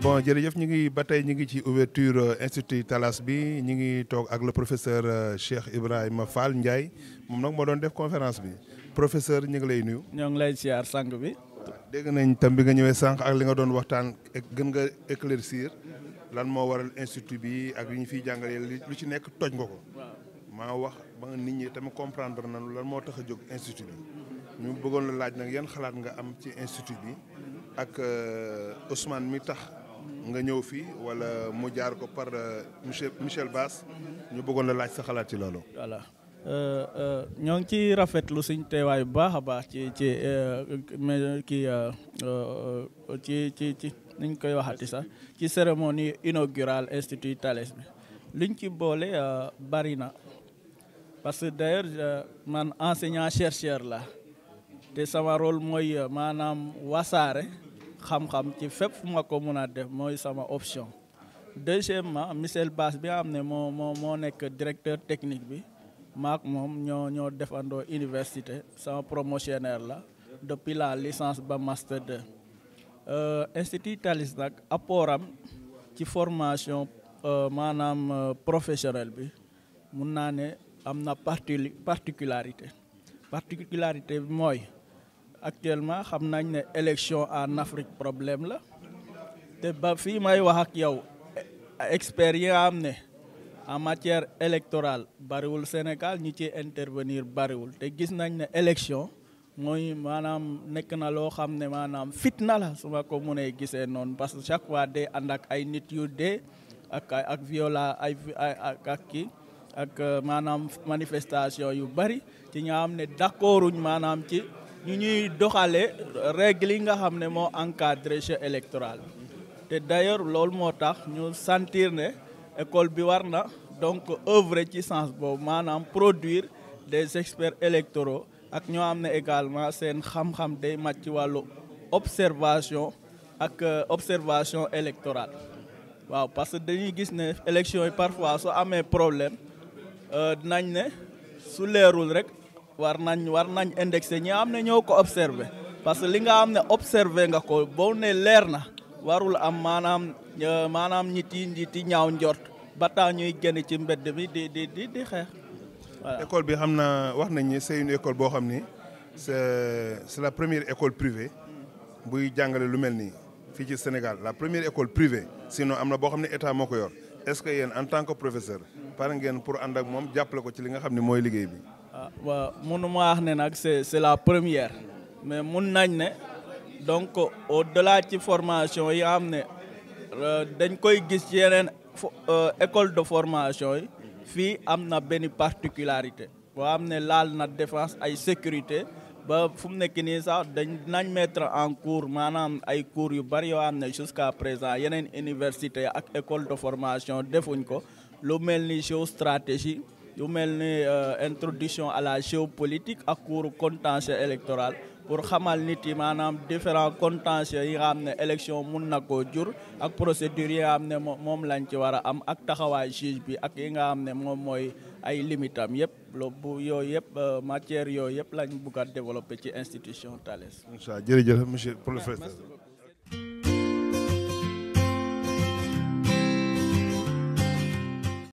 bon jërëjëf ñu ngi ba tey ñu ngi ci ouverture euh, institut Talasbi, bi ñu ngi toog ak le professeur euh, Cheikh Ibrahima Fall Ndiaye moom nag moo doon def conférence bi professeur ñu ngi lay nuyu. ñoo ngi lay siyaar sànq bi. dégg nañ tam bi nga ñëwee sànq ak li nga doon waxtaan gën nga éclaircir lan moo waral institut bi ak li ñu fiy jàngalee lu ci nekk toj nga ko. maa wax ba nit ñi tamit comprendre lan moo tax a institut bi ñu bëggoon la laaj nag yan xalaat nga am ci institut bi ak euh, Ousmane mi nga ñëw fii wala mu jaar ko par euh, Michel Bass ñu qui la laaj sa xalaat ci loolu. voilà euh, euh, ñoo ngi rafetlu suñ teewaay bu baax ci ci ci ci ci koy waxati ci cérémonie inaugurale institut qui bi liñ ci boole bari parce que d'ailleurs man enseignant chercheur la xam-xam ci fépp fu ma ko mun a def mooy sama option deuxièmement Michel Bass bi nga ne moo directeur technique bi maak moom ñoo ñoo defandoo université sama promotionnaire la depuis la licence ba master 2 euh, institut talis nag apportam ci formation euh, maanaam euh, professionnelle bi mun naa ne am na particularité particularité bi actuellement xam nañ ne élection en Afrique problème la te ba fii may wax ak yow experts yi xam ne en matière électorale bariwul Sénégal ñi ci intervenir bariwul te gis nañ ne élection mooy maanaam nekk na loo xam ne maanaam fitna la su ma ko mënee gisee noonu parce que chaque fois de ànd ak ay nit yu de ak ak viola ay ak kii ak euh, maanaam manifestation yu bari ci nga xam ne d'accorduñ maanaam ci ñu ñuy doxalee règle yi nga xam ne moo encadré jeu électoral te d'ailleurs loolu moo tax ñu sentir ne école bi war na donc œuvre ci sens boobu maanaam produire des experts électoraux ak ñoo am également seen xam-xam day màcc ci wàllu observation ak euh, observation électorale waaw parce que dañuy gis ne élection yi parfois su amee problème euh, dinañ ne su leerul rek war nañ war nañ indexé ñi am ne ñoo ko parce que li nga am ne observé nga ko boo ne leer na warul am manam manam ñi ti ñi ti ñaaw njort ba taa ñuy génn ci mbedd bi di di di di xeex voilà. école bi xamna na wax nañ ni c'est une école bo xamni c'est la première école privée buy jàngale lu mel nii fii ci Sénégal la première école privée sinon am na boo xam ne état moo ko yor est-ce que yéen en tant que professeur pare ngeen pour andak mom moom ko ci li nga xam moy mooy bi. ah waaw mënuma wax ne nag c'est c'est la première mais mun nañ né donc au delà ci formation yi amné euh, dañ koy gis ci yeneen euh, école de formation fi amna am particularité boo amné ne na défense ay sécurité ba fum mu ni sax dañ nañ mettre en cours manam ay cours yu bari yoo amné jusqu'à présent yenen université ak école de formation defuñ ko lu mel ni géostratégie yu mel ni euh, introduction à la géopolitique ak cours contentieux électoral pour xamal nit yi maanaam différents contentieux yi nga xam ne élection mun na koo jur ak procédure yi nga xam ne moom lañ ci war a am ak taxawaay juge bi ak yi nga xam ne moom mooy ay limitam yëpp lo bu yooyu yëpp euh, matière yooyu yëpp lañ bugg a développer ci institution Thales. incha jërëjëf monsieur professeur